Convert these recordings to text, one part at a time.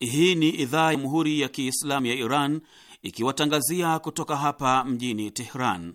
Hii ni idhaa ya Jamhuri ya Kiislamu ya Iran ikiwatangazia kutoka hapa mjini Tehran.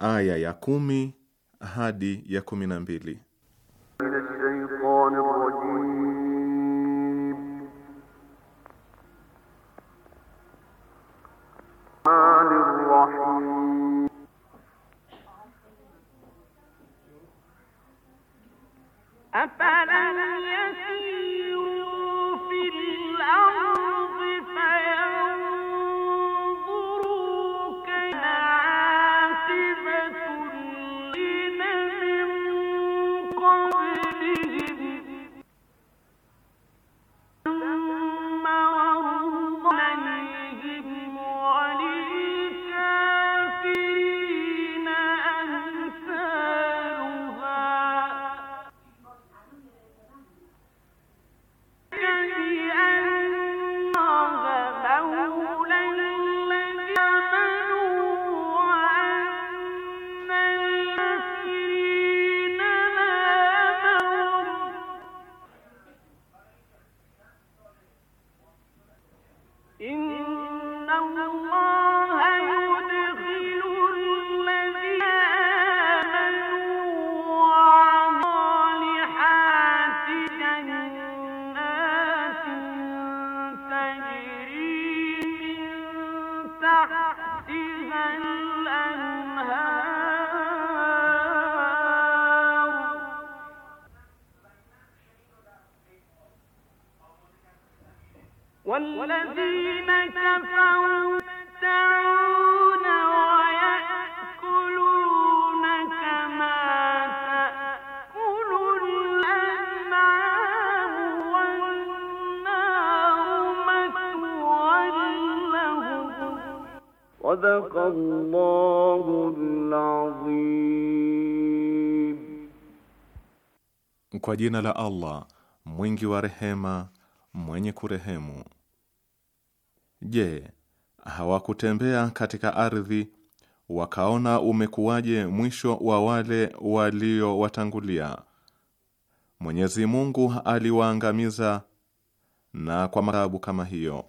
aya ya kumi hadi ya kumi na mbili. Kwa jina la Allah mwingi wa rehema, mwenye kurehemu. Je, hawakutembea katika ardhi wakaona umekuwaje mwisho wa wale waliowatangulia? Mwenyezi Mungu aliwaangamiza na kwa marabu kama hiyo.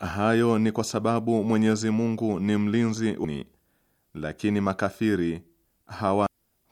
Hayo ni kwa sababu Mwenyezi Mungu ni mlinzi uni, lakini makafiri hawa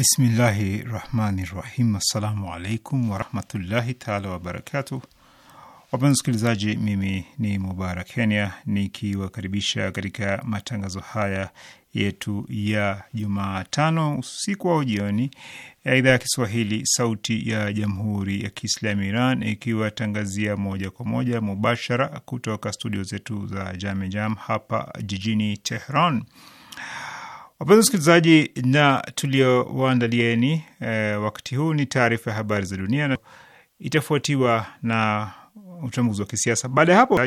Bismillahi rahmani rahim. Assalamu alaikum warahmatullahi taala wabarakatuh. Wapenzi wasikilizaji, mimi ni Mubarak Kenya nikiwakaribisha katika matangazo haya yetu ya Jumatano usiku au jioni ya idhaa ya Kiswahili sauti ya jamhuri ya Kiislamu Iran ikiwatangazia moja kwa moja mubashara kutoka studio zetu za Jamejam hapa jijini Tehran. Wapenzi wasikilizaji, na tuliowaandalieni e, wakati huu ni taarifa ya habari za dunia na itafuatiwa na uchambuzi wa kisiasa. Baada ya hapo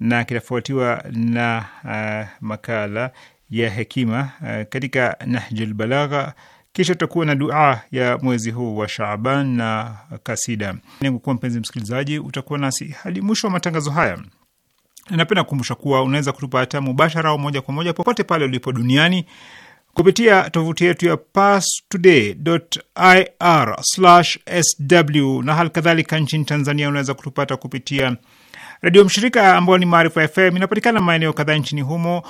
na kitafuatiwa na uh, makala ya hekima uh, katika Nahjul Balagha, kisha tutakuwa na dua ya mwezi huu wa Shaaban na kasida. Nengo kuwa mpenzi msikilizaji, utakuwa nasi hadi mwisho wa matangazo haya. Napenda kukumbusha kuwa unaweza kutupata mubashara au moja kwa moja popote pale ulipo duniani kupitia tovuti yetu ya pastodayir sw na hali kadhalika, nchini Tanzania unaweza kutupata kupitia redio mshirika ambayo ni Maarifa FM. Inapatikana maeneo kadhaa nchini humo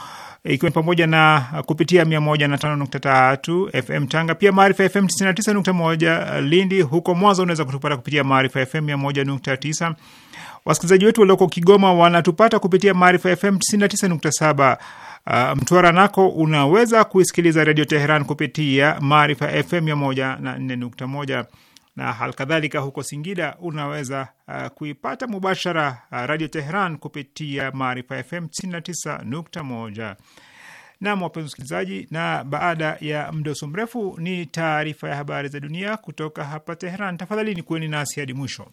ikiwa ni pamoja na uh, kupitia 105.3 FM Tanga, pia Maarifa FM 99.1 uh, Lindi. Huko Mwanza unaweza kutupata kupitia Maarifa FM 101.9. Wasikilizaji wetu walioko Kigoma wanatupata kupitia Maarifa FM 99.7. Uh, Mtwara nako unaweza kuisikiliza Redio Teheran kupitia Maarifa FM 104.1 na halikadhalika huko Singida unaweza uh, kuipata mubashara uh, Radio Tehran kupitia Maarifa FM 99.1. Nam, wapenzi wasikilizaji, na baada ya mdoso mrefu ni taarifa ya habari za dunia kutoka hapa Tehran. Tafadhali ni kuweni nasi hadi mwisho.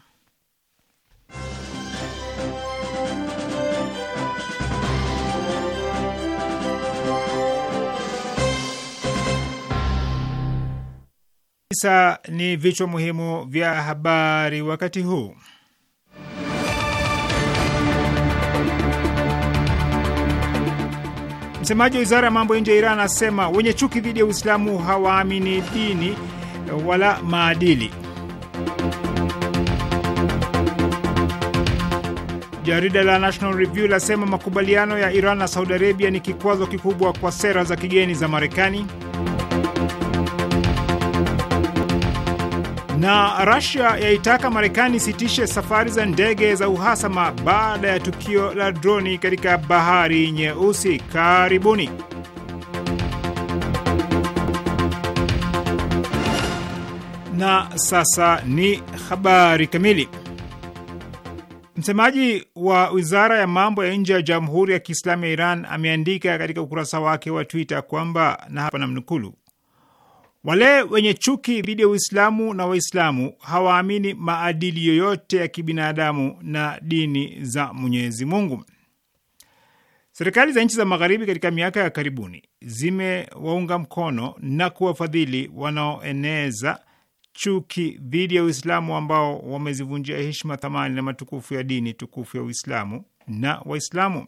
Sasa ni vichwa muhimu vya habari wakati huu. Msemaji wa wizara ya mambo ya nje ya Iran anasema wenye chuki dhidi ya Uislamu hawaamini dini wala maadili. Jarida la National Review lasema makubaliano ya Iran na Saudi Arabia ni kikwazo kikubwa kwa sera za kigeni za Marekani. na Russia yaitaka Marekani isitishe safari za ndege za uhasama baada ya tukio la droni katika bahari Nyeusi. Karibuni. Na sasa ni habari kamili. Msemaji wa wizara ya mambo ya nje ya Jamhuri ya Kiislamu ya Iran ameandika katika ukurasa wake wa Twitter kwamba na hapa namnukulu wale wenye chuki dhidi ya Uislamu na Waislamu hawaamini maadili yoyote ya kibinadamu na dini za Mwenyezi Mungu. Serikali za nchi za Magharibi katika miaka ya karibuni zimewaunga mkono na kuwafadhili wanaoeneza chuki dhidi ya Uislamu ambao wamezivunjia heshima, thamani na matukufu ya dini tukufu ya Uislamu na Waislamu.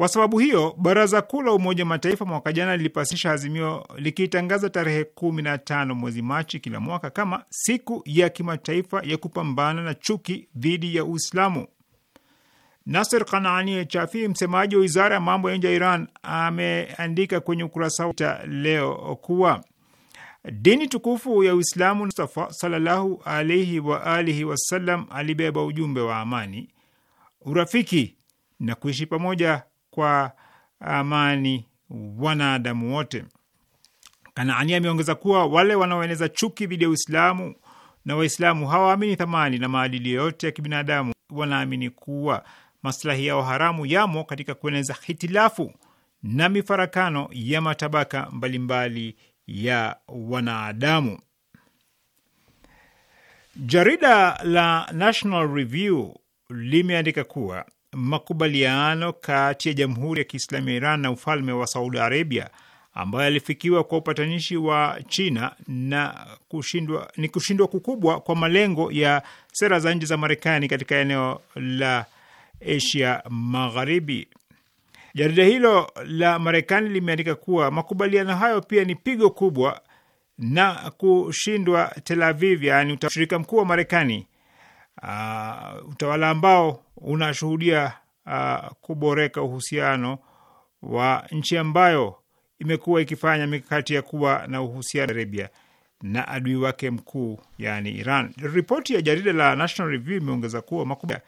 Kwa sababu hiyo Baraza Kuu la Umoja Mataifa mwaka jana lilipasisha azimio likiitangaza tarehe kumi na tano mwezi Machi kila mwaka kama siku ya kimataifa ya kupambana na chuki dhidi ya Uislamu. Nasser Kanaani Chafi, msemaji wa wizara ya mambo ya nje ya Iran, ameandika kwenye ukurasa wa leo kuwa dini tukufu ya Uislamu, Mustafa sallallahu alaihi wa alihi wasallam, alibeba ujumbe wa amani, urafiki na kuishi pamoja kwa amani wanadamu wote. Kanaani ameongeza kuwa wale wanaoeneza chuki dhidi ya Uislamu na Waislamu hawaamini thamani na maadili yote ya kibinadamu, wanaamini kuwa maslahi yao haramu yamo katika kueneza hitilafu na mifarakano ya matabaka mbalimbali ya wanadamu. Jarida la National Review limeandika kuwa makubaliano kati ya Jamhuri ya Kiislamu ya Iran na ufalme wa Saudi Arabia ambayo yalifikiwa kwa upatanishi wa China na kushindwa, ni kushindwa kukubwa kwa malengo ya sera za nje za Marekani katika eneo la Asia Magharibi. Jarida hilo la Marekani limeandika kuwa makubaliano hayo pia ni pigo kubwa na kushindwa Tel Aviv, yaani ushirika mkuu wa Marekani uh, utawala ambao unashuhudia uh, kuboreka uhusiano wa nchi ambayo imekuwa ikifanya mikakati ya kuwa na uhusiano Arabia na adui wake mkuu yani Iran. Ripoti ya jarida la National Review imeongeza kuwa makubwa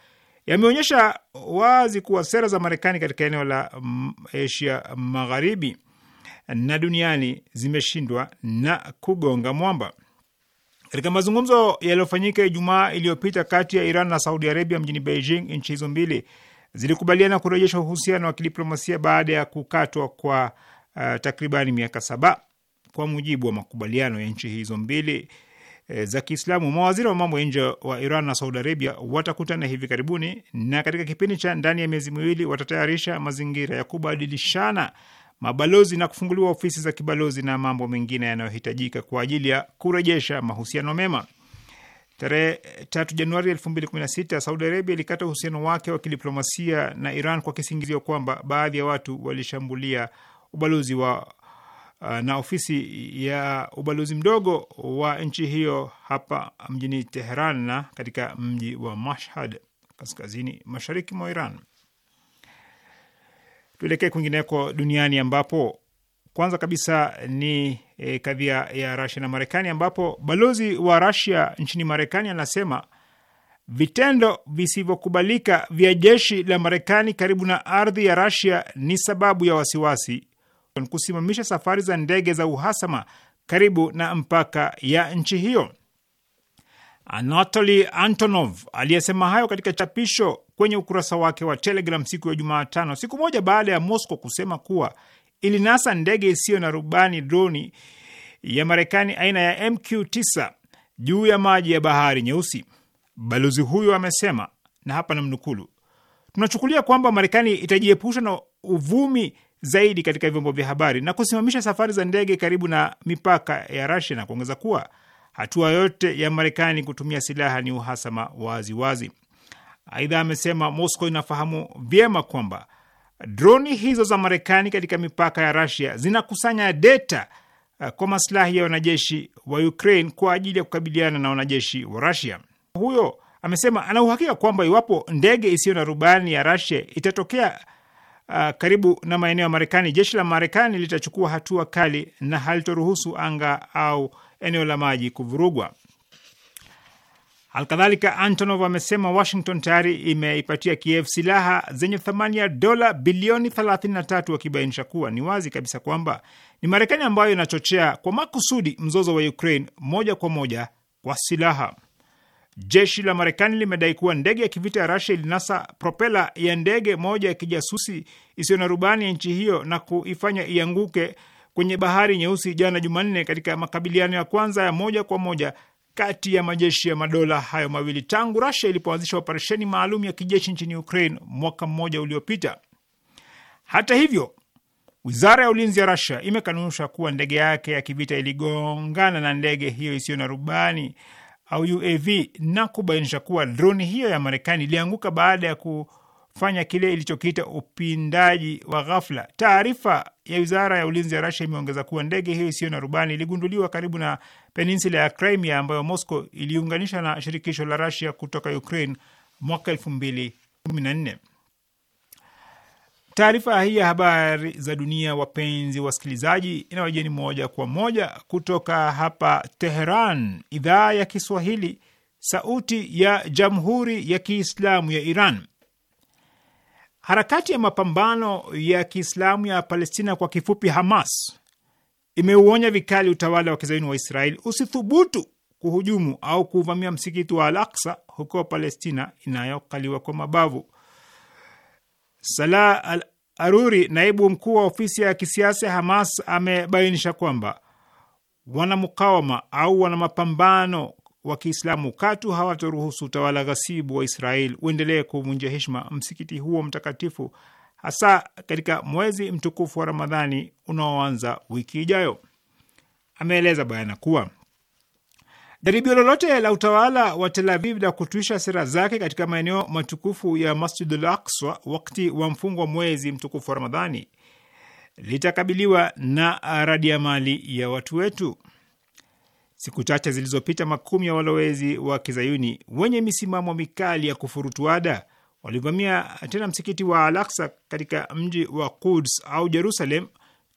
yameonyesha wazi kuwa sera za Marekani katika eneo la mm, Asia Magharibi na duniani zimeshindwa na kugonga mwamba. Katika mazungumzo yaliyofanyika Ijumaa iliyopita kati ya Iran na Saudi Arabia mjini Beijing, nchi hizo mbili zilikubaliana kurejesha uhusiano wa kidiplomasia baada ya kukatwa kwa uh, takribani miaka saba kwa mujibu wa makubaliano ya nchi hizo mbili e, za Kiislamu. Mawaziri wa mambo ya nje wa Iran na Saudi Arabia watakutana hivi karibuni, na katika kipindi cha ndani ya miezi miwili watatayarisha mazingira ya kubadilishana mabalozi na kufunguliwa ofisi za kibalozi na mambo mengine yanayohitajika kwa ajili ya kurejesha mahusiano mema. Tarehe 3 Januari 2016 Saudi Arabia ilikata uhusiano wake wa kidiplomasia na Iran kwa kisingizio kwamba baadhi ya watu walishambulia ubalozi wa uh, na ofisi ya ubalozi mdogo wa nchi hiyo hapa mjini Teheran na katika mji wa Mashhad kaskazini mashariki mwa Iran. Tuelekee kwingineko duniani ambapo kwanza kabisa ni e, kadhia ya Rasia na Marekani ambapo balozi wa Rasia nchini Marekani anasema vitendo visivyokubalika vya jeshi la Marekani karibu na ardhi ya Rasia ni sababu ya wasiwasi kusimamisha safari za ndege za uhasama karibu na mpaka ya nchi hiyo. Anatoli Antonov aliyesema hayo katika chapisho kwenye ukurasa wake wa Telegram siku ya Jumatano, siku moja baada ya Moscow kusema kuwa ilinasa ndege isiyo na rubani droni ya Marekani aina ya MQ-9 juu ya maji ya Bahari Nyeusi. Balozi huyo amesema, na hapa namnukulu, tunachukulia kwamba Marekani itajiepusha na uvumi zaidi katika vyombo vya habari na kusimamisha safari za ndege karibu na mipaka ya rasia na kuongeza kuwa Hatua yote ya Marekani kutumia silaha ni uhasama waziwazi. Aidha amesema Moscow inafahamu vyema kwamba droni hizo za Marekani katika mipaka ya Rusia zinakusanya data eh, kwa masilahi ya wanajeshi wa Ukraine kwa ajili ya kukabiliana na wanajeshi wa Rusia. Huyo amesema ana uhakika kwamba iwapo ndege isiyo na rubani ya Rusia itatokea uh, karibu na maeneo ya Marekani, jeshi la Marekani litachukua hatua kali na halitoruhusu anga au eneo la maji kuvurugwa. Alkadhalika, Antonov amesema Washington tayari imeipatia Kiev silaha zenye thamani ya dola bilioni 33, wakibainisha kuwa ni wazi kabisa kwamba ni Marekani ambayo inachochea kwa makusudi mzozo wa Ukraine moja kwa moja kwa silaha. Jeshi la Marekani limedai kuwa ndege ya kivita ya Rasia ilinasa propela ya ndege moja ya kijasusi isiyo na rubani ya nchi hiyo na kuifanya ianguke kwenye bahari nyeusi jana Jumanne, katika makabiliano ya kwanza ya moja kwa moja kati ya majeshi ya madola hayo mawili tangu rasia ilipoanzisha operesheni maalum ya kijeshi nchini Ukraine mwaka mmoja uliopita. Hata hivyo, wizara ya ulinzi ya rasia imekanusha kuwa ndege yake ya kivita iligongana na ndege hiyo isiyo na rubani au UAV na kubainisha kuwa droni hiyo ya Marekani ilianguka baada ya ku kufanya kile ilichokiita upindaji wa ghafla. Taarifa ya wizara ya ulinzi ya Rasia imeongeza kuwa ndege hiyo isiyo na rubani iligunduliwa karibu na peninsula ya Crimea ambayo Moscow iliunganisha na shirikisho la Rasia kutoka Ukraine mwaka elfu mbili kumi na nne. Taarifa hii ya habari za dunia, wapenzi wasikilizaji, inawajeni moja kwa moja kutoka hapa Teheran, idhaa ya Kiswahili, sauti ya jamhuri ya kiislamu ya Iran. Harakati ya mapambano ya Kiislamu ya Palestina, kwa kifupi Hamas, imeuonya vikali utawala wa kizaini wa Israeli usithubutu kuhujumu au kuuvamia msikiti wa Al-Aqsa huko Palestina inayokaliwa kwa mabavu. Salah Al-Aruri, naibu mkuu wa ofisi ya kisiasa ya Hamas, amebainisha kwamba wanamukawama au wana mapambano wa Kiislamu katu hawatoruhusu utawala ghasibu wa Israel uendelee kuvunjia heshima msikiti huo mtakatifu, hasa katika mwezi mtukufu wa Ramadhani unaoanza wiki ijayo. Ameeleza bayana kuwa jaribio lolote la utawala wa Tel Aviv la kutuisha sera zake katika maeneo matukufu ya Masjid al Aqsa wakati wa mfungo wa mwezi mtukufu wa Ramadhani litakabiliwa na radiamali ya watu wetu. Siku chache zilizopita, makumi ya walowezi wa kizayuni wenye misimamo mikali ya kufurutuada walivamia tena msikiti wa Al-Aqsa katika mji wa Quds au Jerusalem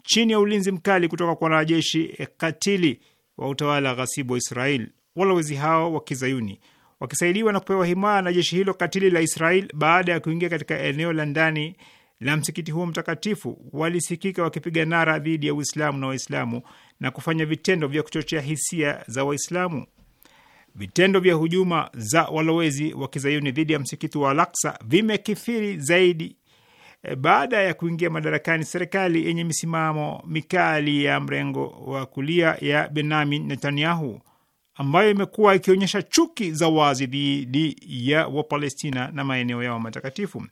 chini ya ulinzi mkali kutoka kwa wanajeshi katili wa utawala ghasibu wa Israel. Walowezi hao wa kizayuni wakisaidiwa na kupewa himaya na jeshi hilo katili la Israel, baada ya kuingia katika eneo la ndani la msikiti huo mtakatifu, walisikika wakipiga nara dhidi ya Uislamu na Waislamu na kufanya vitendo vya kuchochea hisia za Waislamu. Vitendo vya hujuma za walowezi wa kizayuni dhidi ya msikiti wa Al-Aqsa vimekithiri zaidi e, baada ya kuingia madarakani serikali yenye misimamo mikali ya mrengo wa kulia ya Benyamin Netanyahu ambayo imekuwa ikionyesha chuki za wazi dhidi ya Wapalestina na maeneo yao matakatifu.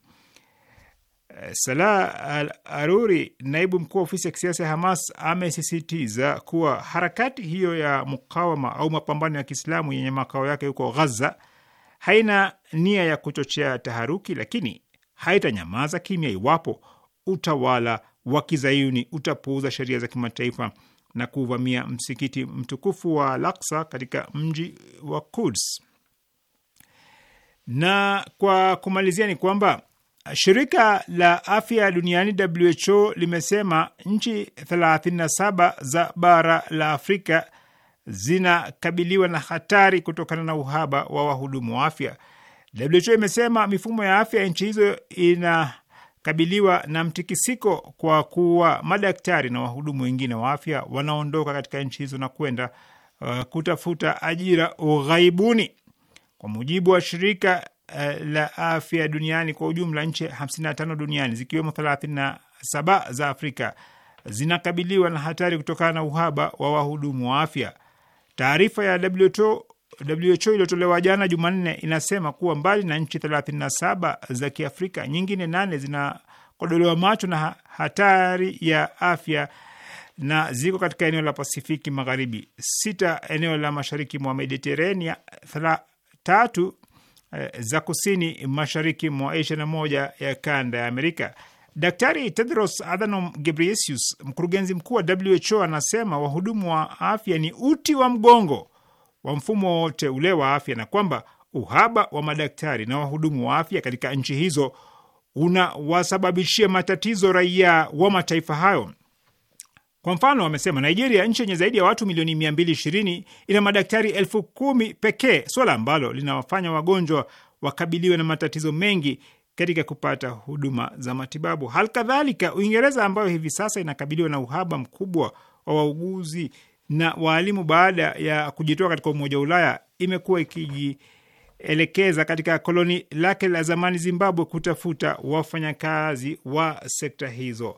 Eh, Salah al-Aruri, naibu mkuu wa ofisi ya kisiasa ya Hamas, amesisitiza kuwa harakati hiyo ya mukawama au mapambano ya Kiislamu yenye makao yake huko Gaza haina nia ya kuchochea taharuki, lakini haitanyamaza kimya iwapo utawala wa kizayuni utapuuza sheria za kimataifa na kuvamia msikiti mtukufu wa Al-Aqsa katika mji wa Quds. Na kwa kumalizia ni kwamba Shirika la afya duniani WHO limesema nchi 37 za bara la Afrika zinakabiliwa na hatari kutokana na uhaba wa wahudumu wa afya. WHO imesema mifumo ya afya ya nchi hizo inakabiliwa na mtikisiko kwa kuwa madaktari na wahudumu wengine wa afya wanaondoka katika nchi hizo na kwenda uh, kutafuta ajira ughaibuni. Kwa mujibu wa shirika uh, la afya duniani kwa ujumla, nchi 55 duniani zikiwemo 37 za Afrika zinakabiliwa na hatari kutokana na uhaba wa wahudumu wa afya. Taarifa ya WHO iliyotolewa jana Jumanne inasema kuwa mbali na nchi 37 za Kiafrika, nyingine nane zinakodolewa macho na hatari ya afya na ziko katika eneo la Pasifiki Magharibi, sita eneo la mashariki mwa Mediterania, tatu Eh, za kusini mashariki mwa Asia na moja ya kanda ya Amerika. Daktari Tedros Adhanom Ghebreyesus, mkurugenzi mkuu wa WHO, anasema wahudumu wa afya ni uti wa mgongo wa mfumo wote ule wa afya na kwamba uhaba wa madaktari na wahudumu wa afya katika nchi hizo unawasababishia matatizo raia wa mataifa hayo. Kwa mfano, wamesema Nigeria, nchi yenye zaidi ya watu milioni 220, ina madaktari elfu kumi pekee, swala ambalo linawafanya wagonjwa wakabiliwe na matatizo mengi katika kupata huduma za matibabu. Hali kadhalika, Uingereza ambayo hivi sasa inakabiliwa na uhaba mkubwa wa wauguzi na waalimu baada ya kujitoa katika Umoja wa Ulaya, imekuwa ikijielekeza katika koloni lake la zamani Zimbabwe kutafuta wafanyakazi wa sekta hizo.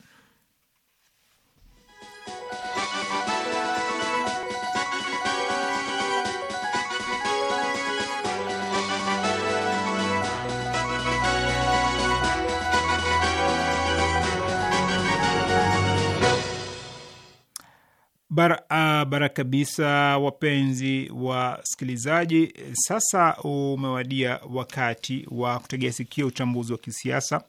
barabara ah, kabisa, wapenzi wasikilizaji. Sasa umewadia wakati wa kutegea sikio uchambuzi wa kisiasa,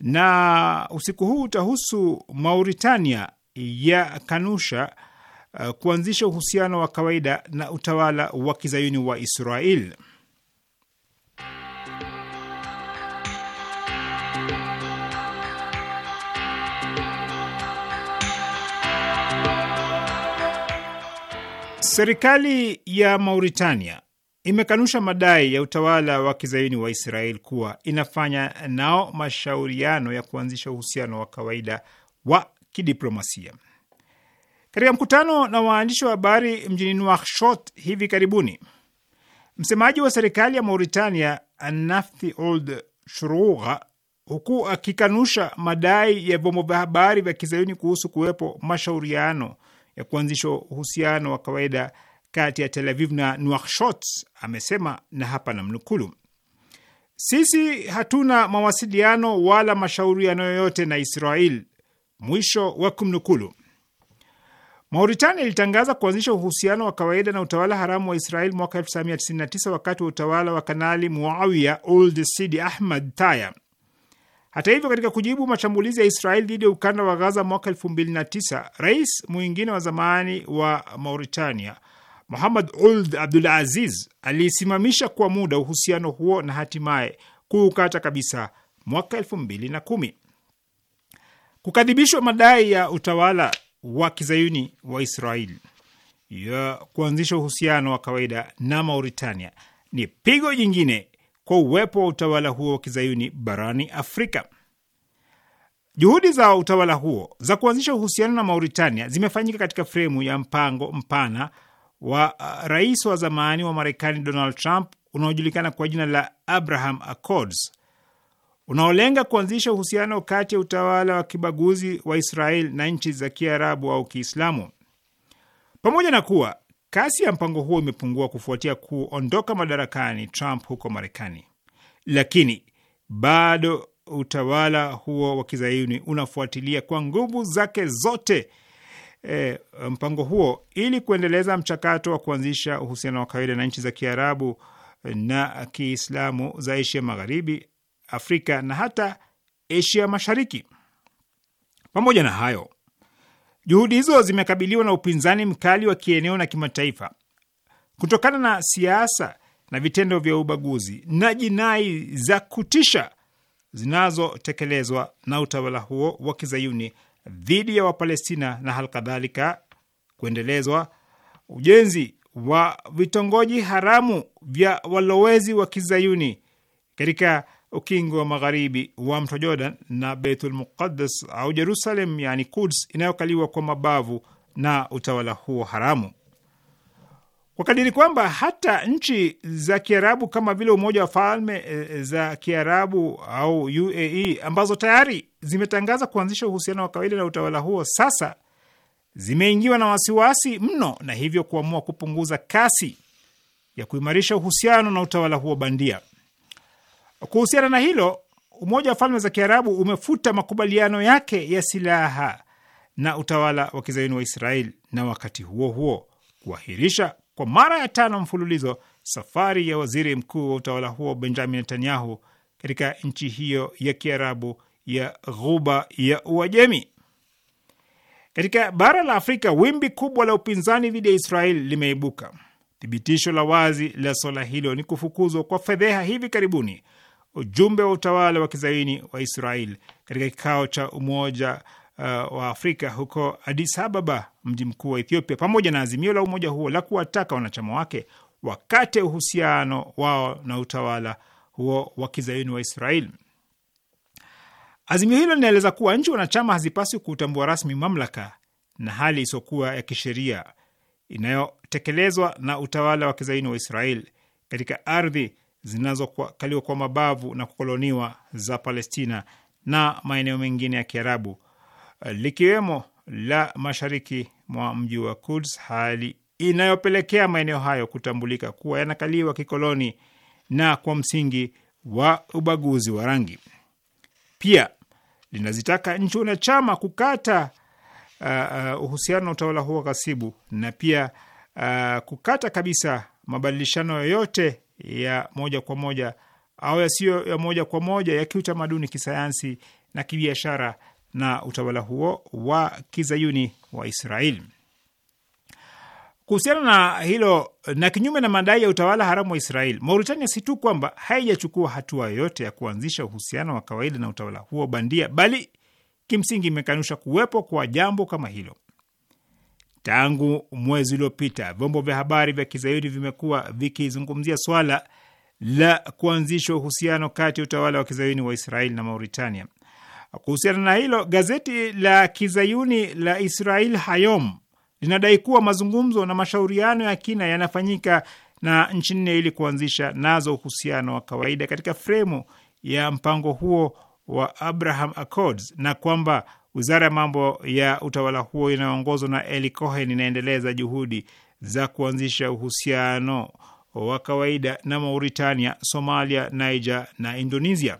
na usiku huu utahusu Mauritania ya kanusha ah, kuanzisha uhusiano wa kawaida na utawala wa kizayuni wa Israel. Serikali ya Mauritania imekanusha madai ya utawala wa kizayuni wa Israel kuwa inafanya nao mashauriano ya kuanzisha uhusiano wa kawaida wa kidiplomasia. Katika mkutano na waandishi wa habari mjini Nouakchott hivi karibuni, msemaji wa serikali ya Mauritania Nafthi old Shurugha, huku akikanusha madai ya vyombo vya habari vya kizayuni kuhusu kuwepo mashauriano ya kuanzisha uhusiano wa kawaida kati ya Tel Aviv na Nouakchott, amesema na hapa namnukulu: sisi hatuna mawasiliano wala mashauriano yoyote na Israel, mwisho wa kumnukulu. Mauritania ilitangaza kuanzisha uhusiano wa kawaida na utawala haramu wa Israel mwaka 1999 wakati wa utawala wa Kanali Muawiya uld Sidi Ahmad Taya. Hata hivyo, katika kujibu mashambulizi ya Israeli dhidi ya ukanda wa Gaza mwaka elfu mbili na tisa, rais mwingine wa zamani wa Mauritania Muhammad uld Abdul Aziz alisimamisha kwa muda uhusiano huo na hatimaye kuukata kabisa mwaka elfu mbili na kumi. Kukadhibishwa madai ya utawala wa kizayuni wa israel ya kuanzisha uhusiano wa kawaida na Mauritania ni pigo jingine kwa uwepo wa utawala huo wa kizayuni barani Afrika. Juhudi za utawala huo za kuanzisha uhusiano na Mauritania zimefanyika katika fremu ya mpango mpana wa uh, rais wa zamani wa Marekani Donald Trump unaojulikana kwa jina la Abraham Accords unaolenga kuanzisha uhusiano kati ya utawala wa kibaguzi wa Israel na nchi za Kiarabu au Kiislamu. Pamoja na kuwa Kasi ya mpango huo imepungua kufuatia kuondoka madarakani Trump huko Marekani, lakini bado utawala huo wa kizayuni unafuatilia kwa nguvu zake zote e, mpango huo ili kuendeleza mchakato wa kuanzisha uhusiano wa kawaida na nchi za Kiarabu eh, na Kiislamu za Asia Magharibi, Afrika na hata Asia Mashariki. Pamoja na hayo Juhudi hizo zimekabiliwa na upinzani mkali wa kieneo na kimataifa kutokana na siasa na vitendo vya ubaguzi na jinai za kutisha zinazotekelezwa na utawala huo wa kizayuni dhidi ya Wapalestina na kadhalika kuendelezwa ujenzi wa vitongoji haramu vya walowezi wa kizayuni katika ukingo wa magharibi wa mto Jordan na Beitul Muqaddas au Jerusalem, yani Kuds inayokaliwa kwa mabavu na utawala huo haramu kwa kadiri kwamba hata nchi za Kiarabu kama vile Umoja wa Falme eh, eh, za Kiarabu au UAE ambazo tayari zimetangaza kuanzisha uhusiano wa kawaida na utawala huo, sasa zimeingiwa na wasiwasi mno na hivyo kuamua kupunguza kasi ya kuimarisha uhusiano na utawala huo bandia. Kuhusiana na hilo, Umoja wa Falme za Kiarabu umefuta makubaliano yake ya silaha na utawala wa kizayuni wa israel na wakati huo huo kuahirisha kwa mara ya tano mfululizo safari ya waziri mkuu wa utawala huo Benjamin Netanyahu katika nchi hiyo ya Kiarabu ya Ghuba ya Uajemi. Katika bara la Afrika, wimbi kubwa la upinzani dhidi ya israel limeibuka. Thibitisho la wazi la swala hilo ni kufukuzwa kwa fedheha hivi karibuni ujumbe wa utawala wa kizaini wa Israel katika kikao cha Umoja uh, wa Afrika huko Addis Ababa, mji mkuu wa Ethiopia, pamoja na azimio la umoja huo la kuwataka wanachama wake wakate uhusiano wao na utawala huo wa kizaini wa Israel. Azimio hilo linaeleza kuwa nchi wanachama hazipaswi kutambua rasmi mamlaka na hali isiyokuwa ya kisheria inayotekelezwa na utawala wa kizaini wa Israel katika ardhi zinazokaliwa kwa mabavu na kukoloniwa za Palestina na maeneo mengine ya Kiarabu likiwemo la mashariki mwa mji wa Kuds, hali inayopelekea maeneo hayo kutambulika kuwa yanakaliwa kikoloni na kwa msingi wa ubaguzi wa rangi. Pia linazitaka nchi wanachama kukata uh, uhusiano na utawala huo ghasibu na pia uh, kukata kabisa mabadilishano yoyote ya moja kwa moja au yasiyo ya moja kwa moja ya kiutamaduni, kisayansi na kibiashara na utawala huo wa kizayuni wa israel Kuhusiana na hilo na kinyume na madai ya utawala haramu wa Israeli, Mauritania si tu kwamba haijachukua hatua yoyote ya kuanzisha uhusiano wa kawaida na utawala huo bandia, bali kimsingi imekanusha kuwepo kwa jambo kama hilo. Tangu mwezi uliopita, vyombo vya habari vya kizayuni vimekuwa vikizungumzia swala la kuanzishwa uhusiano kati ya utawala wa kizayuni wa Israeli na Mauritania. Kuhusiana na hilo, gazeti la kizayuni la Israel Hayom linadai kuwa mazungumzo na mashauriano ya kina yanafanyika na nchi nne ili kuanzisha nazo uhusiano wa kawaida katika fremu ya mpango huo wa Abraham Accords na kwamba Wizara ya mambo ya utawala huo inayoongozwa na Eli Cohen inaendeleza juhudi za kuanzisha uhusiano wa kawaida na Mauritania, Somalia, Niger na Indonesia.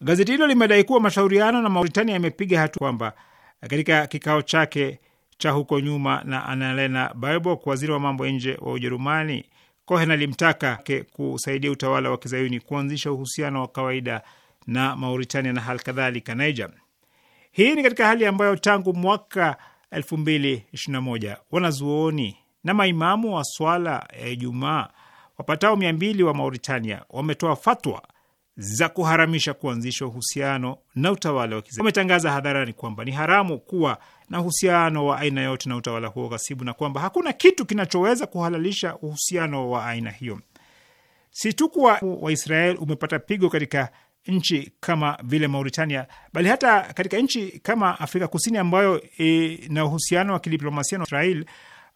Gazeti hilo limedai kuwa mashauriano na Mauritania yamepiga hatua, kwamba katika kikao chake cha huko nyuma na Annalena Baerbock, waziri wa mambo ya nje wa Ujerumani, Cohen alimtaka kusaidia utawala wa kizayuni kuanzisha uhusiano wa kawaida na Mauritania na hali kadhalika Niger. Hii ni katika hali ambayo tangu mwaka 2021 wanazuoni na maimamu wa swala ya Ijumaa wapatao mia wa Mauritania wametoa fatwa za kuharamisha kuanzisha uhusiano na utawala wa kizayuni. Wametangaza hadharani kwamba ni haramu kuwa na uhusiano wa aina yote na utawala huo ghasibu na kwamba hakuna kitu kinachoweza kuhalalisha uhusiano wa aina hiyo. Si tu kuwa Waisrael umepata pigo katika nchi kama vile Mauritania, bali hata katika nchi kama Afrika Kusini ambayo ina e, uhusiano wa kidiplomasia na Israel.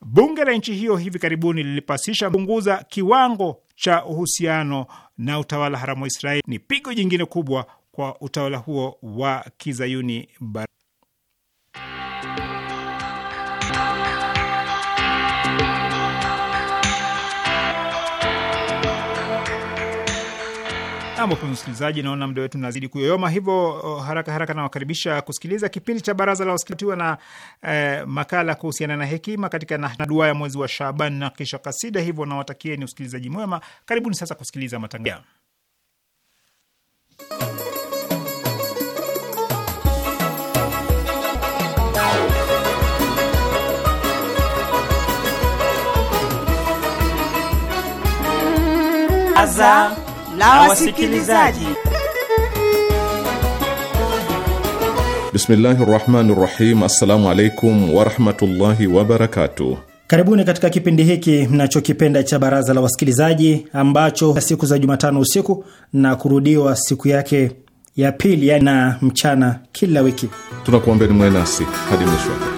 Bunge la nchi hiyo hivi karibuni lilipasisha kupunguza kiwango cha uhusiano na utawala haramu wa Israel. Ni pigo jingine kubwa kwa utawala huo wa kizayuni bar Nam, wapenzi msikilizaji, naona muda wetu nazidi kuyoyoma, hivyo oh, haraka haraka nawakaribisha kusikiliza kipindi cha baraza la wasikilizaji na eh, makala kuhusiana na hekima katika na, dua ya mwezi wa Shaaban na kisha kasida. Hivyo ni usikilizaji mwema. Karibuni sasa kusikiliza matangazo yeah la wasikilizaji. Bismillahi rahmani rahim. Assalamu alaikum warahmatullahi wabarakatuh. Karibuni katika kipindi hiki mnachokipenda cha baraza la wasikilizaji ambacho siku za Jumatano usiku na kurudiwa siku yake ya pili na mchana kila wiki. Tunakuambia Tunakuombeni mwenasi hadi mwisho.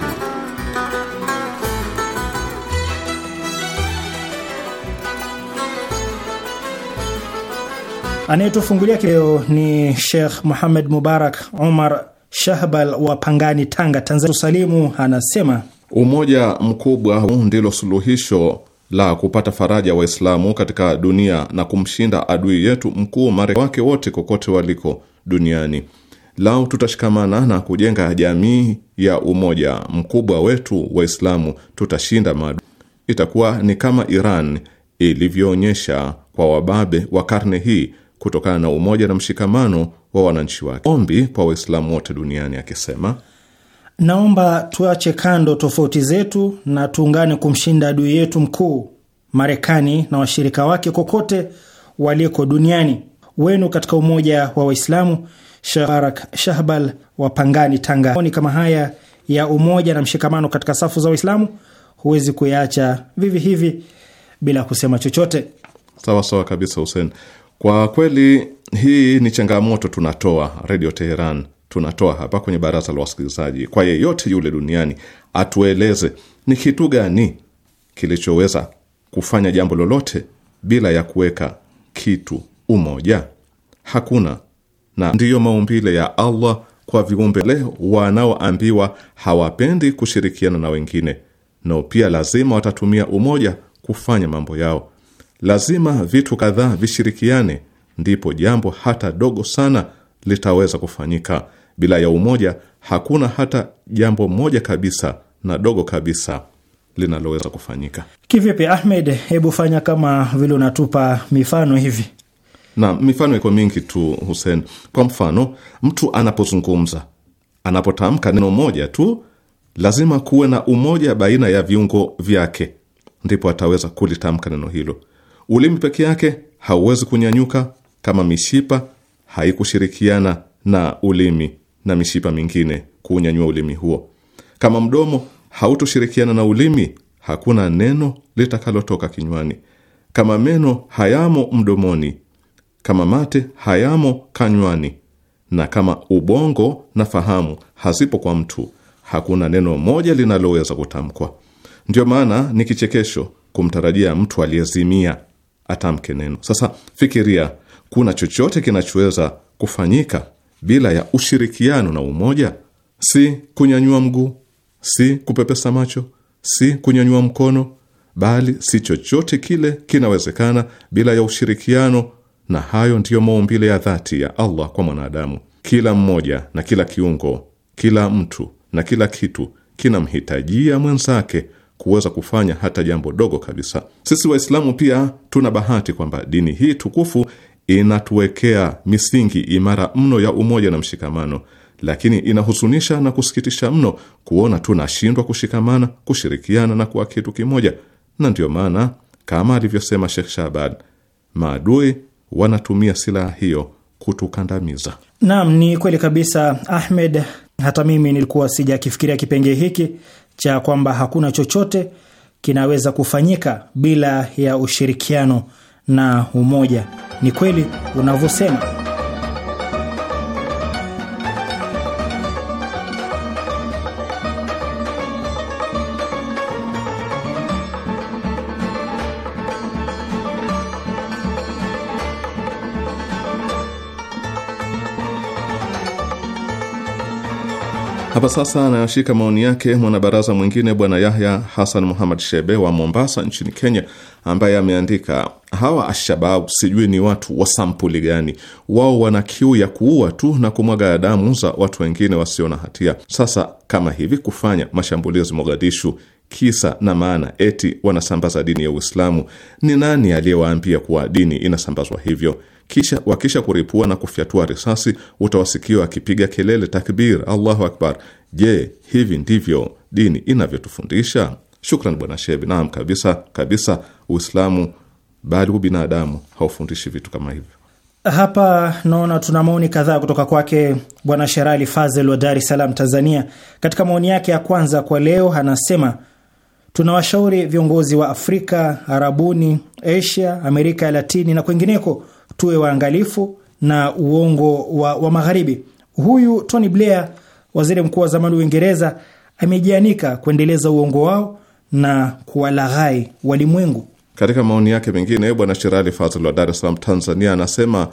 Anayetufungulia kileo ni Sheikh Muhammad Mubarak Omar Shahbal wa Pangani, Tanga, Tanzania. Salimu anasema umoja mkubwa ndilo suluhisho la kupata faraja Waislamu katika dunia na kumshinda adui yetu mkuu mare wake wote kokote waliko duniani. Lau tutashikamana na kujenga jamii ya umoja mkubwa wetu Waislamu, tutashinda maadui. Itakuwa ni kama Iran ilivyoonyesha kwa wababe wa karne hii kutokana na umoja na mshikamano wa wananchi wake. Ombi kwa Waislamu wote duniani akisema, naomba tuache kando tofauti zetu na tuungane kumshinda adui yetu mkuu Marekani na washirika wake kokote waliko duniani. Wenu katika umoja wa Waislamu, Shaharak Shahbal wa Pangani, Tanga. Ni kama haya ya umoja na mshikamano katika safu za Waislamu huwezi kuyaacha vivi hivi bila kusema chochote. Sawa sawa kabisa, Hussein. Kwa kweli hii ni changamoto tunatoa Redio Teheran, tunatoa hapa kwenye baraza la wasikilizaji, kwa yeyote yule duniani atueleze ni kitu gani kilichoweza kufanya jambo lolote bila ya kuweka kitu umoja. Hakuna, na ndiyo maumbile ya Allah kwa viumbe le wanaoambiwa hawapendi kushirikiana na wengine, nao pia lazima watatumia umoja kufanya mambo yao lazima vitu kadhaa vishirikiane, ndipo jambo hata dogo sana litaweza kufanyika. Bila ya umoja hakuna hata jambo moja kabisa na dogo kabisa linaloweza kufanyika. Kivipi Ahmed? Hebu fanya kama vile unatupa mifano hivi. Na mifano iko mingi tu Hussein. Kwa mfano, mtu anapozungumza, anapotamka neno moja tu, lazima kuwe na umoja baina ya viungo vyake, ndipo ataweza kulitamka neno hilo. Ulimi peke yake hauwezi kunyanyuka kama mishipa haikushirikiana na ulimi na mishipa mingine kuunyanyua ulimi huo. Kama mdomo hautoshirikiana na ulimi, hakuna neno litakalotoka kinywani. Kama meno hayamo mdomoni, kama mate hayamo kanywani, na kama ubongo na fahamu hazipo kwa mtu, hakuna neno moja linaloweza kutamkwa. Ndiyo maana ni kichekesho kumtarajia mtu aliyezimia atamke neno. Sasa fikiria, kuna chochote kinachoweza kufanyika bila ya ushirikiano na umoja? Si kunyanyua mguu, si kupepesa macho, si kunyanyua mkono, bali si chochote kile kinawezekana bila ya ushirikiano, na hayo ndiyo maumbile ya dhati ya Allah kwa mwanadamu. Kila mmoja na kila kiungo, kila mtu na kila kitu kinamhitajia mwenzake kuweza kufanya hata jambo dogo kabisa. Sisi Waislamu pia tuna bahati kwamba dini hii tukufu inatuwekea misingi imara mno ya umoja na mshikamano, lakini inahusunisha na kusikitisha mno kuona tunashindwa kushikamana, kushirikiana na kuwa kitu kimoja. Na ndiyo maana kama alivyosema Sheikh Shaban, maadui wanatumia silaha hiyo kutukandamiza. Naam, ni kweli kabisa Ahmed. Hata mimi nilikuwa sijakifikiria kipengee hiki cha kwamba hakuna chochote kinaweza kufanyika bila ya ushirikiano na umoja. Ni kweli unavyosema. Hapa sasa anayashika maoni yake mwanabaraza mwingine Bwana Yahya Hasan Muhammad Shebe wa Mombasa nchini Kenya, ambaye ameandika hawa ashababu sijui ni watu wa sampuli gani. Wao wana kiu ya kuua tu na kumwaga damu za watu wengine wasio na hatia. Sasa kama hivi kufanya mashambulizi Mogadishu kisa na maana eti wanasambaza dini ya Uislamu, ni nani aliyewaambia kuwa dini inasambazwa hivyo? kisha wakisha kuripua na kufyatua risasi, utawasikia wakipiga kelele takbir, Allahu akbar. Je, hivi ndivyo dini inavyotufundisha? Shukran bwana Shebi. Naam, kabisa kabisa. Uislamu bali ubinadamu haufundishi vitu kama hivyo. Hapa naona tuna maoni kadhaa kutoka kwake bwana Sherali Fazel wa Dar es Salaam, Tanzania. Katika maoni yake ya kwanza kwa leo anasema tunawashauri viongozi wa Afrika, Arabuni, Asia, Amerika ya Latini na kwengineko tuwe waangalifu na uongo wa, wa magharibi. Huyu Tony Blair, waziri mkuu wa zamani wa Uingereza, amejianika kuendeleza uongo wao na kuwalaghai walimwengu. Katika maoni yake mengine, Bwana Shirali Fazl wa Dar es Salaam, Tanzania, anasema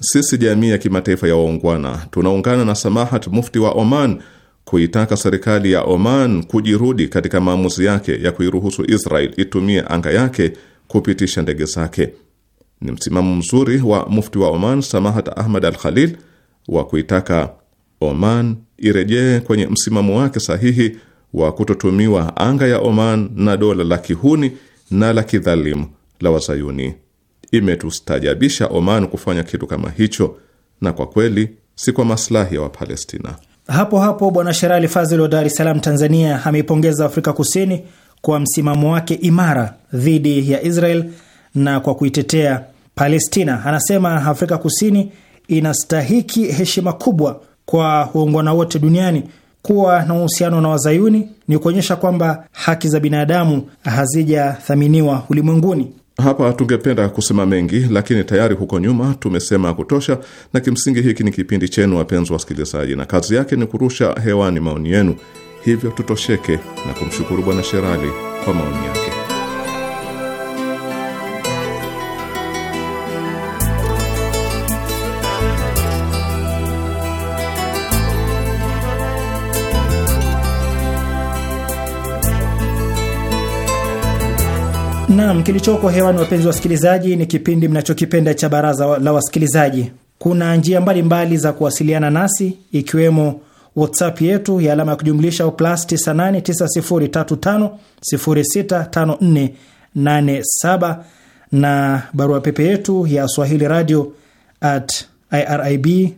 sisi jamii ya kimataifa ya waungwana tunaungana na Samahat Mufti wa Oman kuitaka serikali ya Oman kujirudi katika maamuzi yake ya kuiruhusu Israel itumie anga yake kupitisha ndege zake. Ni msimamo mzuri wa mufti wa Oman Samahat Ahmad Al Khalil wa kuitaka Oman irejee kwenye msimamo wake sahihi wa kutotumiwa anga ya Oman na dola la kihuni na la kidhalimu la Wazayuni. Imetustajabisha Oman kufanya kitu kama hicho, na kwa kweli si kwa maslahi ya Wapalestina. Hapo hapo Bwana Sherali Fazil wa Dar es Salaam, Tanzania, ameipongeza Afrika Kusini kwa msimamo wake imara dhidi ya Israel na kwa kuitetea Palestina. Anasema Afrika Kusini inastahiki heshima kubwa kwa waungwana wote duniani. Kuwa na uhusiano na wazayuni ni kuonyesha kwamba haki za binadamu hazijathaminiwa ulimwenguni. Hapa tungependa kusema mengi, lakini tayari huko nyuma tumesema kutosha, na kimsingi hiki ni kipindi chenu, wapenzi wasikilizaji, na kazi yake ni kurusha hewani maoni yenu. Hivyo tutosheke na kumshukuru Bwana Sherali kwa maoni yake. Naam, kilichoko hewani wapenzi wa wasikilizaji, ni kipindi mnachokipenda cha Baraza la Wasikilizaji. Kuna njia mbalimbali mbali za kuwasiliana nasi ikiwemo WhatsApp yetu ya alama ya kujumlisha plus 989035065487 na barua pepe yetu ya swahili radio at irib ir.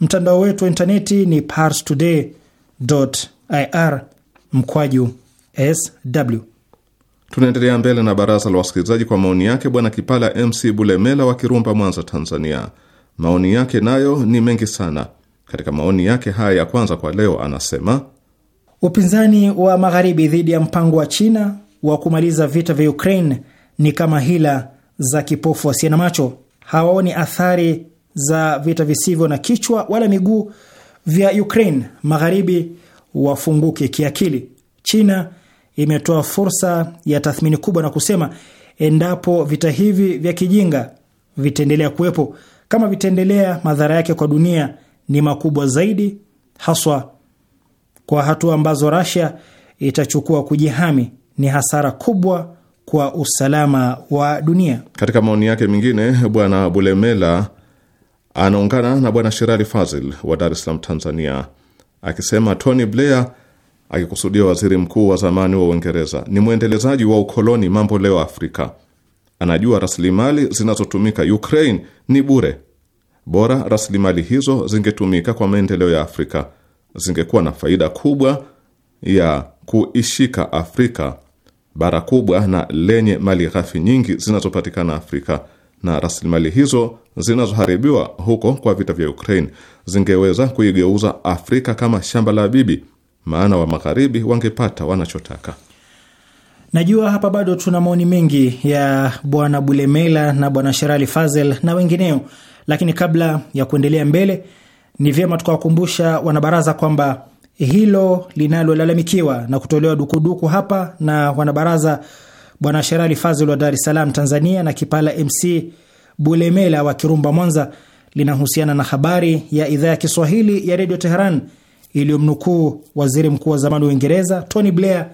Mtandao wetu wa intaneti ni pars today ir mkwaju sw Tunaendelea mbele na baraza la wasikilizaji kwa maoni yake bwana Kipala MC Bulemela wa Kirumba, Mwanza, Tanzania. Maoni yake nayo ni mengi sana. Katika maoni yake haya ya kwanza kwa leo anasema upinzani wa magharibi dhidi ya mpango wa China wa kumaliza vita vya Ukraine ni kama hila za kipofu asiye na macho. Hawaoni athari za vita visivyo na kichwa wala miguu vya Ukraine. Magharibi wafunguke kiakili. China imetoa fursa ya tathmini kubwa na kusema endapo vita hivi vya kijinga vitaendelea kuwepo, kama vitaendelea, madhara yake kwa dunia ni makubwa zaidi, haswa kwa hatua ambazo Russia itachukua kujihami. Ni hasara kubwa kwa usalama wa dunia. Katika maoni yake mengine, Bwana Bulemela anaungana na Bwana Sherali Fazil wa Dar es Salaam, Tanzania, akisema Tony Blair akikusudia waziri mkuu wa zamani wa Uingereza, ni mwendelezaji wa ukoloni mambo leo Afrika. Anajua rasilimali zinazotumika Ukraine ni bure. Bora rasilimali hizo zingetumika kwa maendeleo ya Afrika, zingekuwa na faida kubwa ya kuishika Afrika, bara kubwa na lenye mali ghafi nyingi zinazopatikana Afrika, na rasilimali hizo zinazoharibiwa huko kwa vita vya Ukraine zingeweza kuigeuza Afrika kama shamba la bibi maana wa magharibi wangepata wanachotaka. Najua hapa bado tuna maoni mengi ya bwana Bulemela na bwana Sherali Fazel na wengineo, lakini kabla ya kuendelea mbele, ni vyema tukawakumbusha wanabaraza kwamba hilo linalolalamikiwa na kutolewa dukuduku hapa na wanabaraza bwana Sherali Fazel wa Dar es Salaam, Tanzania, na Kipala MC Bulemela wa Kirumba, Mwanza, linahusiana na habari ya idhaa ya Kiswahili ya redio Teheran iliyomnukuu waziri mkuu wa zamani wa Uingereza Tony Blair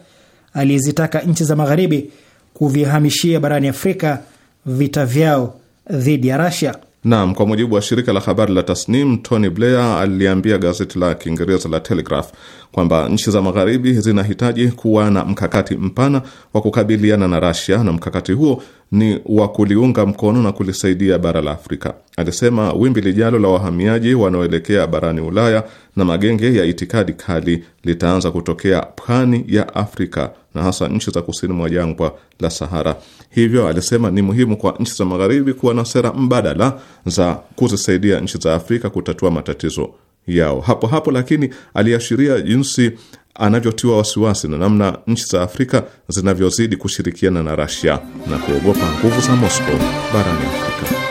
aliyezitaka nchi za magharibi kuvihamishia barani Afrika vita vyao dhidi ya Rasia. Naam, kwa mujibu wa shirika la habari la Tasnim, Tony Blair aliambia gazeti la Kiingereza la Telegraph kwamba nchi za magharibi zinahitaji kuwa na mkakati mpana wa kukabiliana na Russia na mkakati huo ni wa kuliunga mkono na kulisaidia bara la Afrika. Alisema wimbi lijalo la wahamiaji wanaoelekea barani Ulaya na magenge ya itikadi kali litaanza kutokea pwani ya Afrika na hasa nchi za kusini mwa jangwa la Sahara. Hivyo alisema ni muhimu kwa nchi za Magharibi kuwa na sera mbadala za kuzisaidia nchi za Afrika kutatua matatizo yao hapo hapo, lakini aliashiria jinsi anavyotiwa wasiwasi na namna nchi za Afrika zinavyozidi kushirikiana na Rasia na kuogopa nguvu za Moscow barani Afrika.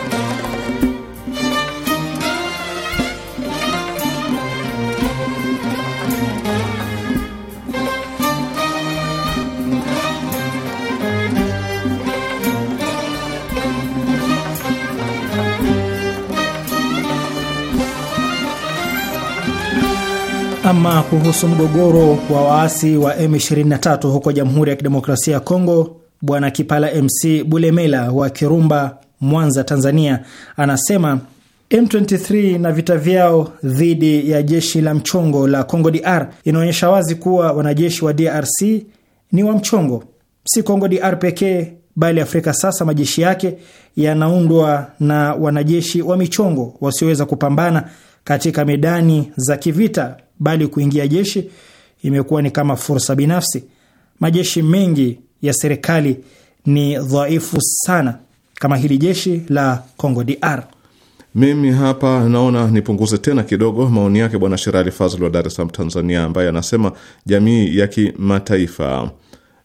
Mahakama kuhusu mgogoro wa waasi wa M23 huko Jamhuri ya Kidemokrasia ya Kongo, Bwana Kipala MC Bulemela wa Kirumba, Mwanza, Tanzania, anasema M23 na vita vyao dhidi ya jeshi la mchongo la Congo DR inaonyesha wazi kuwa wanajeshi wa DRC ni wa mchongo, si Congo DR pekee bali Afrika sasa majeshi yake yanaundwa na wanajeshi wa michongo wasioweza kupambana katika medani za kivita bali kuingia jeshi imekuwa ni kama fursa binafsi. Majeshi mengi ya serikali ni dhaifu sana, kama hili jeshi la Congo DR. Mimi hapa naona nipunguze tena kidogo maoni yake Bwana Sherali Fazl wa Dar es Salaam, Tanzania, ambaye anasema jamii ya kimataifa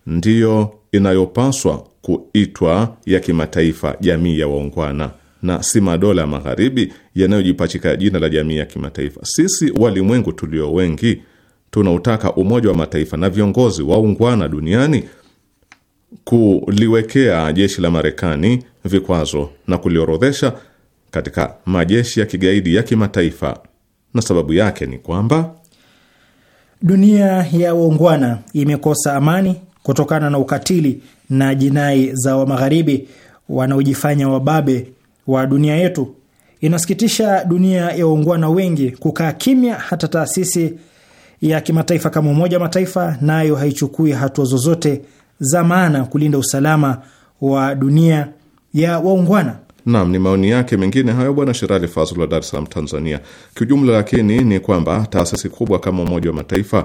ndiyo inayopaswa kuitwa ya kimataifa, jamii ya waungwana na si madola ya magharibi yanayojipachika jina la jamii ya kimataifa. Sisi walimwengu tulio wengi tunautaka Umoja wa Mataifa na viongozi waungwana duniani kuliwekea jeshi la Marekani vikwazo na kuliorodhesha katika majeshi ya kigaidi ya kimataifa, na sababu yake ni kwamba dunia ya waungwana imekosa amani kutokana na ukatili na jinai za Wamagharibi wanaojifanya wababe wa dunia yetu. Inasikitisha dunia ya waungwana wengi kukaa kimya, hata taasisi ya kimataifa kama Umoja wa Mataifa nayo na haichukui hatua zozote za maana kulinda usalama wa dunia ya waungwana. Naam, ni maoni yake mengine hayo Bwana Sherali Fazl wa Dar es Salaam, Tanzania. Kiujumla lakini ni kwamba taasisi kubwa kama Umoja wa Mataifa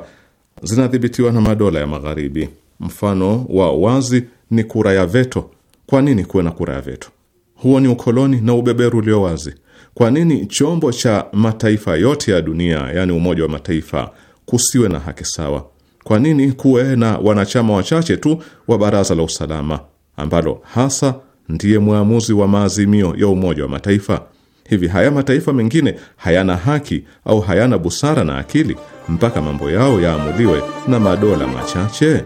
zinadhibitiwa na madola ya Magharibi. Mfano wa wazi ni kura ya veto. Kwa nini kuwe na kura ya veto? Huo ni ukoloni na ubeberu ulio wazi. Kwa nini chombo cha mataifa yote ya dunia, yaani Umoja wa Mataifa, kusiwe na haki sawa? Kwa nini kuwe na wanachama wachache tu wa Baraza la Usalama ambalo hasa ndiye mwamuzi wa maazimio ya Umoja wa Mataifa? Hivi haya mataifa mengine hayana haki au hayana busara na akili mpaka mambo yao yaamuliwe na madola machache?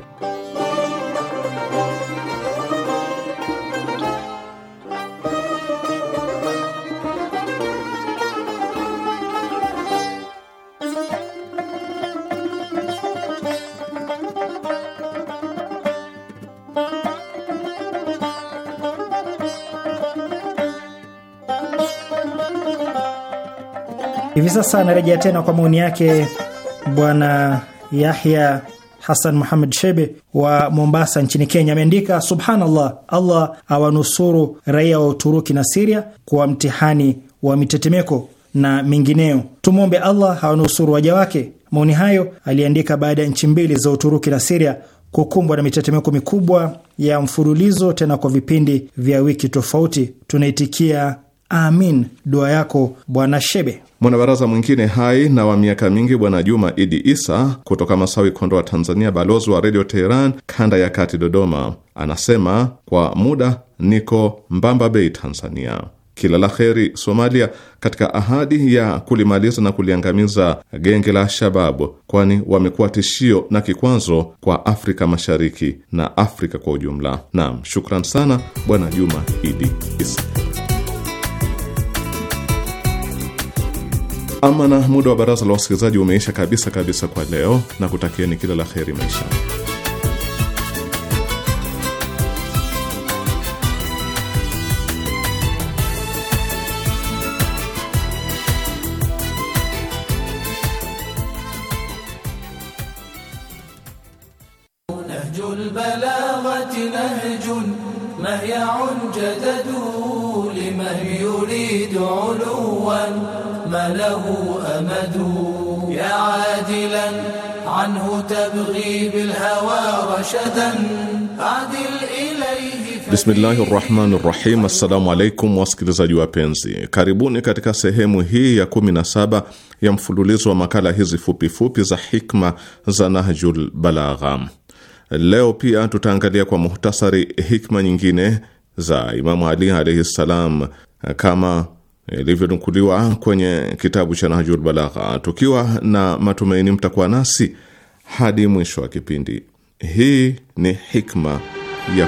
sasa anarejea tena kwa maoni yake Bwana Yahya Hasan Muhamed Shebe wa Mombasa nchini Kenya ameandika: subhanallah, Allah awanusuru raia wa Uturuki na Siria kwa mtihani wa mitetemeko na mingineo Tumwombe Allah awanusuru waja wake. Maoni hayo aliandika baada ya nchi mbili za Uturuki na Siria kukumbwa na mitetemeko mikubwa ya mfululizo, tena kwa vipindi vya wiki tofauti. Tunaitikia Amin dua yako Bwana Shebe. Mwanabaraza mwingine hai na wa miaka mingi Bwana Juma Idi Isa kutoka Masawi, Kondoa, Tanzania, balozi wa Redio Teheran kanda ya kati, Dodoma, anasema kwa muda niko Mbamba bei Tanzania. Kila la heri Somalia katika ahadi ya kulimaliza na kuliangamiza genge la Shababu, kwani wamekuwa tishio na kikwazo kwa Afrika Mashariki na Afrika kwa ujumla. Naam, shukran sana Bwana Juma Idi Isa. Ama na muda wa baraza la wasikilizaji umeisha kabisa kabisa kwa leo, na kutakieni kila la heri maisha له أمد يا عادلا عنه تبغي بالهوى رشدا عدل إليه Bismillahi rahmani rahim. Assalamu alaikum wasikilizaji wapenzi, karibuni katika sehemu hii ya kumi na saba ya mfululizo wa makala hizi fupifupi za hikma za Nahjul Balagha. Leo pia tutaangalia kwa muhtasari hikma nyingine za Imamu Ali alaihi ssalam kama ilivyonukuliwa kwenye kitabu cha Nahjul Balagha, tukiwa na matumaini mtakuwa nasi hadi mwisho wa kipindi. Hii ni hikma ya 17.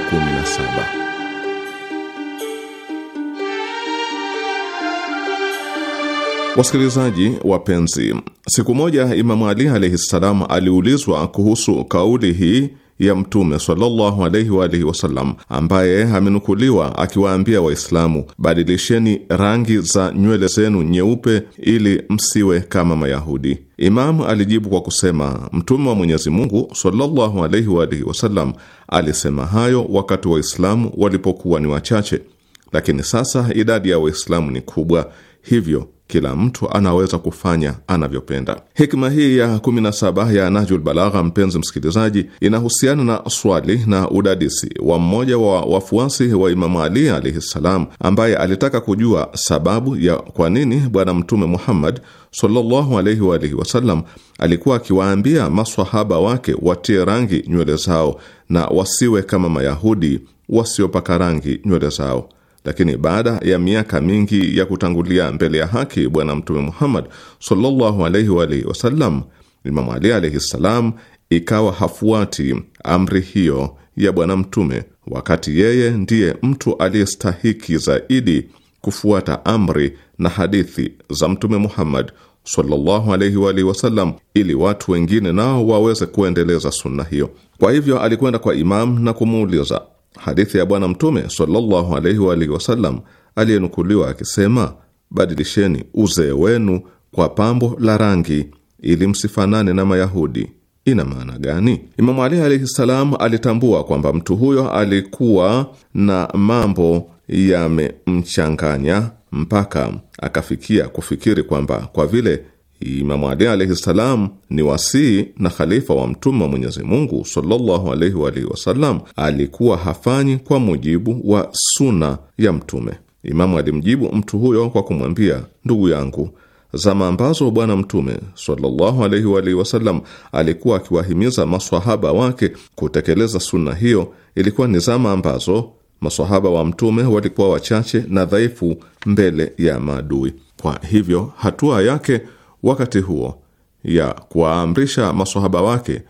Wasikilizaji wapenzi, siku moja Imamu Ali alaihi ssalam aliulizwa kuhusu kauli hii ya Mtume sallallahu alaihi wa alihi wasallam, ambaye amenukuliwa akiwaambia Waislamu, badilisheni rangi za nywele zenu nyeupe ili msiwe kama Mayahudi. Imamu alijibu kwa kusema, Mtume wa Mwenyezi Mungu sallallahu alaihi wa alihi wasallam alisema hayo wakati Waislamu walipokuwa ni wachache, lakini sasa idadi ya Waislamu ni kubwa, hivyo kila mtu anaweza kufanya anavyopenda. Hikma hii ya 17 ya Nahjul Balagha, mpenzi msikilizaji, inahusiana na swali na udadisi wa mmoja wa wafuasi wa Imamu Ali alaihi ssalam, ambaye alitaka kujua sababu ya kwa nini Bwana Mtume Muhammad sallallahu alaihi wa alihi wasallam alikuwa akiwaambia maswahaba wake watie rangi nywele zao na wasiwe kama Mayahudi wasiopaka rangi nywele zao. Lakini baada ya miaka mingi ya kutangulia mbele ya haki Bwana Mtume Muhammad sallallahu alaihi wa alihi wasallam, Imamu Ali alaihi ssalam ikawa hafuati amri hiyo ya Bwana Mtume, wakati yeye ndiye mtu aliyestahiki zaidi kufuata amri na hadithi za Mtume Muhammad sallallahu alaihi wa alihi wasallam, ili watu wengine nao waweze kuendeleza sunna hiyo. Kwa hivyo alikwenda kwa imamu na kumuuliza hadithi ya Bwana Mtume sallallahu alaihi wa alihi wasallam aliyenukuliwa akisema, badilisheni uzee wenu kwa pambo la rangi ili msifanane na Mayahudi. Ina maana gani? Imamu Ali alaihi salam alitambua kwamba mtu huyo alikuwa na mambo yamemchanganya mpaka akafikia kufikiri kwamba kwa vile Imamu Ali alaihi ssalam ni wasii na khalifa wa mtume wa Mwenyezi Mungu sallallahu alaihi wa alihi wasallam, alikuwa hafanyi kwa mujibu wa suna ya mtume. Imamu alimjibu mtu huyo kwa kumwambia, ndugu yangu, zama ambazo Bwana Mtume sallallahu alaihi wa alihi wasallam alikuwa akiwahimiza maswahaba wake kutekeleza suna hiyo, ilikuwa ni zama ambazo maswahaba wa mtume walikuwa wachache na dhaifu mbele ya maadui. Kwa hivyo hatua yake wakati huo ya kuwaamrisha masohaba wake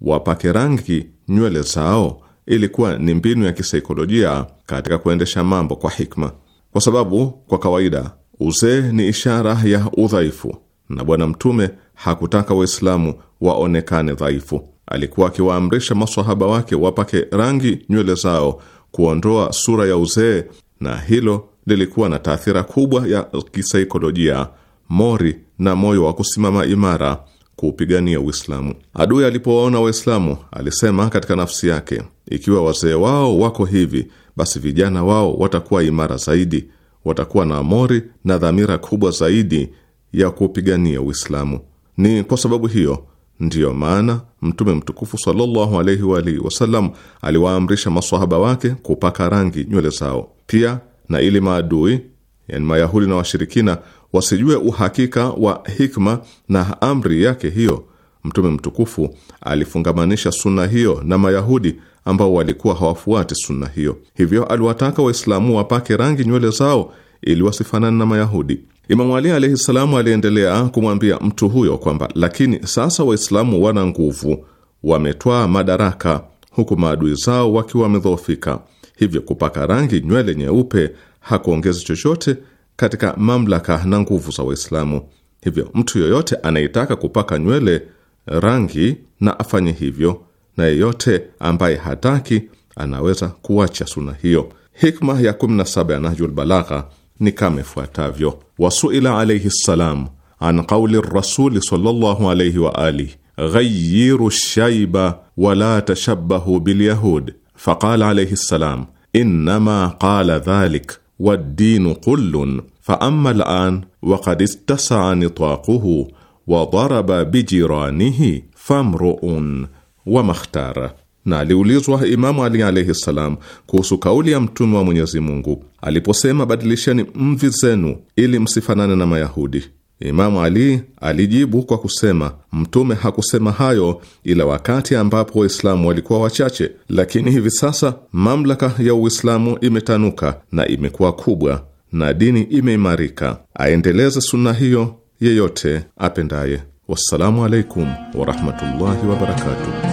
wapake rangi nywele zao ilikuwa ni mbinu ya kisaikolojia katika kuendesha mambo kwa hikma, kwa sababu kwa kawaida uzee ni ishara ya udhaifu, na Bwana Mtume hakutaka Waislamu waonekane dhaifu. Alikuwa akiwaamrisha masahaba wake wapake rangi nywele zao kuondoa sura ya uzee, na hilo lilikuwa na taathira kubwa ya kisaikolojia mori na moyo wa kusimama imara kuupigania Uislamu. Adui alipowaona Waislamu alisema katika nafsi yake, ikiwa wazee wao wako hivi, basi vijana wao watakuwa imara zaidi, watakuwa na mori na dhamira kubwa zaidi ya kuupigania Uislamu. Ni kwa sababu hiyo ndiyo maana Mtume mtukufu sallallahu alaihi wa alihi wasallam aliwaamrisha masahaba wake kupaka rangi nywele zao, pia na ili maadui, yani Mayahudi na washirikina wasijue uhakika wa hikma na amri yake hiyo. Mtume mtukufu alifungamanisha sunna hiyo na Mayahudi ambao walikuwa hawafuati sunna hiyo, hivyo aliwataka Waislamu wapake rangi nywele zao ili wasifanane na Mayahudi. Imamu Ali alaihi salamu aliendelea kumwambia mtu huyo kwamba, lakini sasa Waislamu wana nguvu, wametwaa madaraka, huku maadui zao wakiwa wamedhoofika, hivyo kupaka rangi nywele nyeupe hakuongezi chochote katika mamlaka na nguvu za Waislamu. Hivyo mtu yoyote anayetaka kupaka nywele rangi na afanye hivyo, na yeyote ambaye hataki anaweza kuacha suna hiyo. Hikma ya 17 ya Nahjul Balagha ni kama ifuatavyo: wasuila alaihi ssalam an qauli rasuli sallallahu wa alihi ghayiru shaiba wala tashabahu bilyahud faqala alaihi ssalam innama qala dhalik waddinu fa faama lan wakad istasaa nitaquhu wadharaba bijiranihi famruun wa makhtara. Na aliulizwa Imamu Ali alaihi ssalam kuhusu kauli ya Mtume wa Mwenyezi Mungu aliposema, badilisheni mvi zenu ili msifanane na Mayahudi. Imamu Ali alijibu kwa kusema, Mtume hakusema hayo ila wakati ambapo Waislamu walikuwa wachache, lakini hivi sasa mamlaka ya Uislamu imetanuka na imekuwa kubwa na dini imeimarika. Aendeleze sunna hiyo yeyote apendaye. Wassalamu alaikum warahmatullahi wabarakatuh.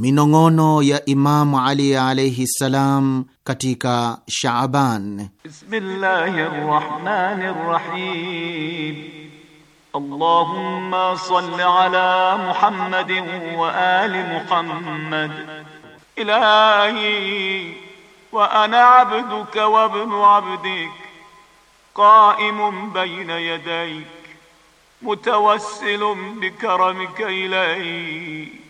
minong'ono ya Imamu Ali alaihi ssalam katika Shaaban. Bismillahi rahmani rahim. Allahumma salli ala Muhammadin wa ali Muhammad. Ilahi wa ana abduka wa ibnu abdik qaimun bayna yadayk mutawassilun bikaramika ilayk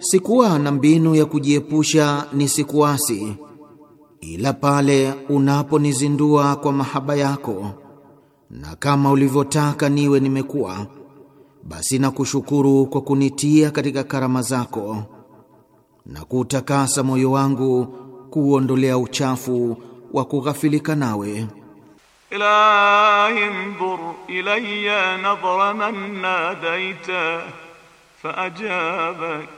Sikuwa na mbinu ya kujiepusha nisikuasi, ila pale unaponizindua kwa mahaba yako, na kama ulivyotaka niwe nimekuwa, basi nakushukuru kwa kunitia katika karama zako na kuutakasa moyo wangu, kuuondolea uchafu wa kughafilika nawe. Ilahi ndhur ilayya nadhra man nadaita faajabak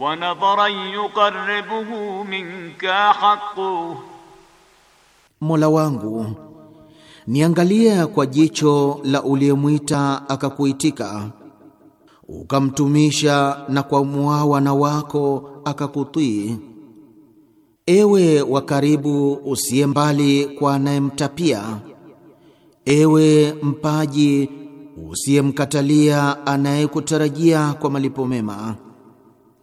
wanadhara yuqarribuhu minka haqqu, Mola wangu niangalia kwa jicho la uliyemwita akakuitika, ukamtumisha na kwa muawana wako akakutii, ewe wa karibu usiye mbali kwa anayemtapia, ewe mpaji usiyemkatalia anayekutarajia kwa malipo mema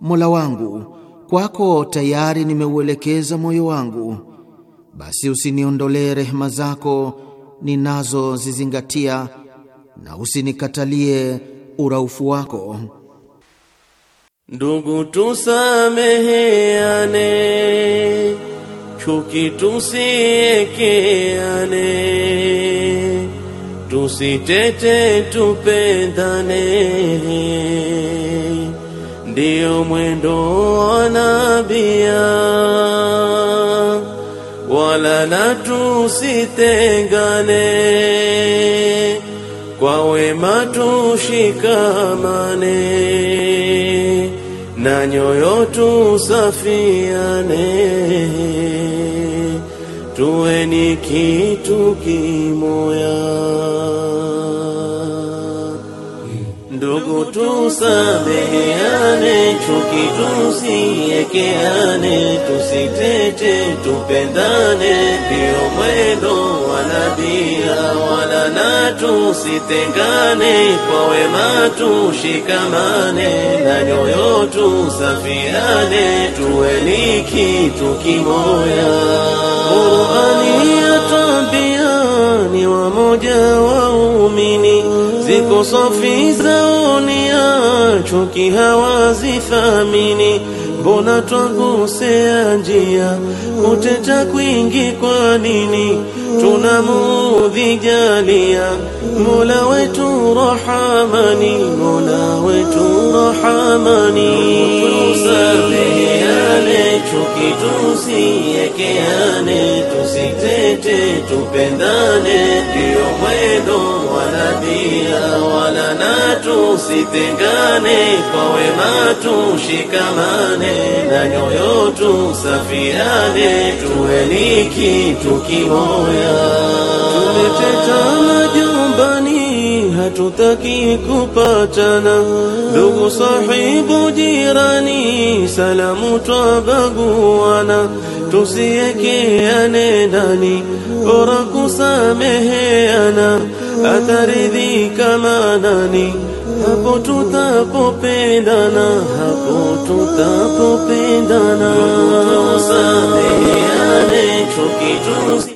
Mola wangu, kwako tayari nimeuelekeza moyo wangu, basi usiniondolee rehema zako ninazozizingatia na usinikatalie uraufu wako. Ndugu, tusameheane, chuki tusiekeane, tusitete, tupendane ndio mwendo wa nabia, wala na tusitengane, kwa wema tushikamane, na nyoyo tusafiane, tuwe ni kitu kimoya. Ndugu tusameheane, chuki tusiekeane, tusitete, tupendane, ndio mwendo wala bia wala na, tusitengane, kwa wema tushikamane, na nyoyo tusafiane, tuweni kitu kimoya. Qurani yatwambia ni wamoja waumini Ziko safi za hawazi thamini mbona twagusea njia, kuteta kwingi kwa nini? tunamudhija lia Mola wetu rahamani, Mola wetu rahamani, tusamehe yale chuki tusiekeane, tusitete tupendane, ndiyo mwendo wanadia wala na tusitengane, kwa wema tushikamane, na nyoyo tusafiane, tuwe ni kitu kimoya tumetetana jumbani, hatutaki kupatana. Ndugu sahibu jirani, salamu twabaguana, tusiekeane ndani, bora kusameheana. Ataridhika manani hapo tutapopendana, hapo tutapopendana, tusameheane chuki tusi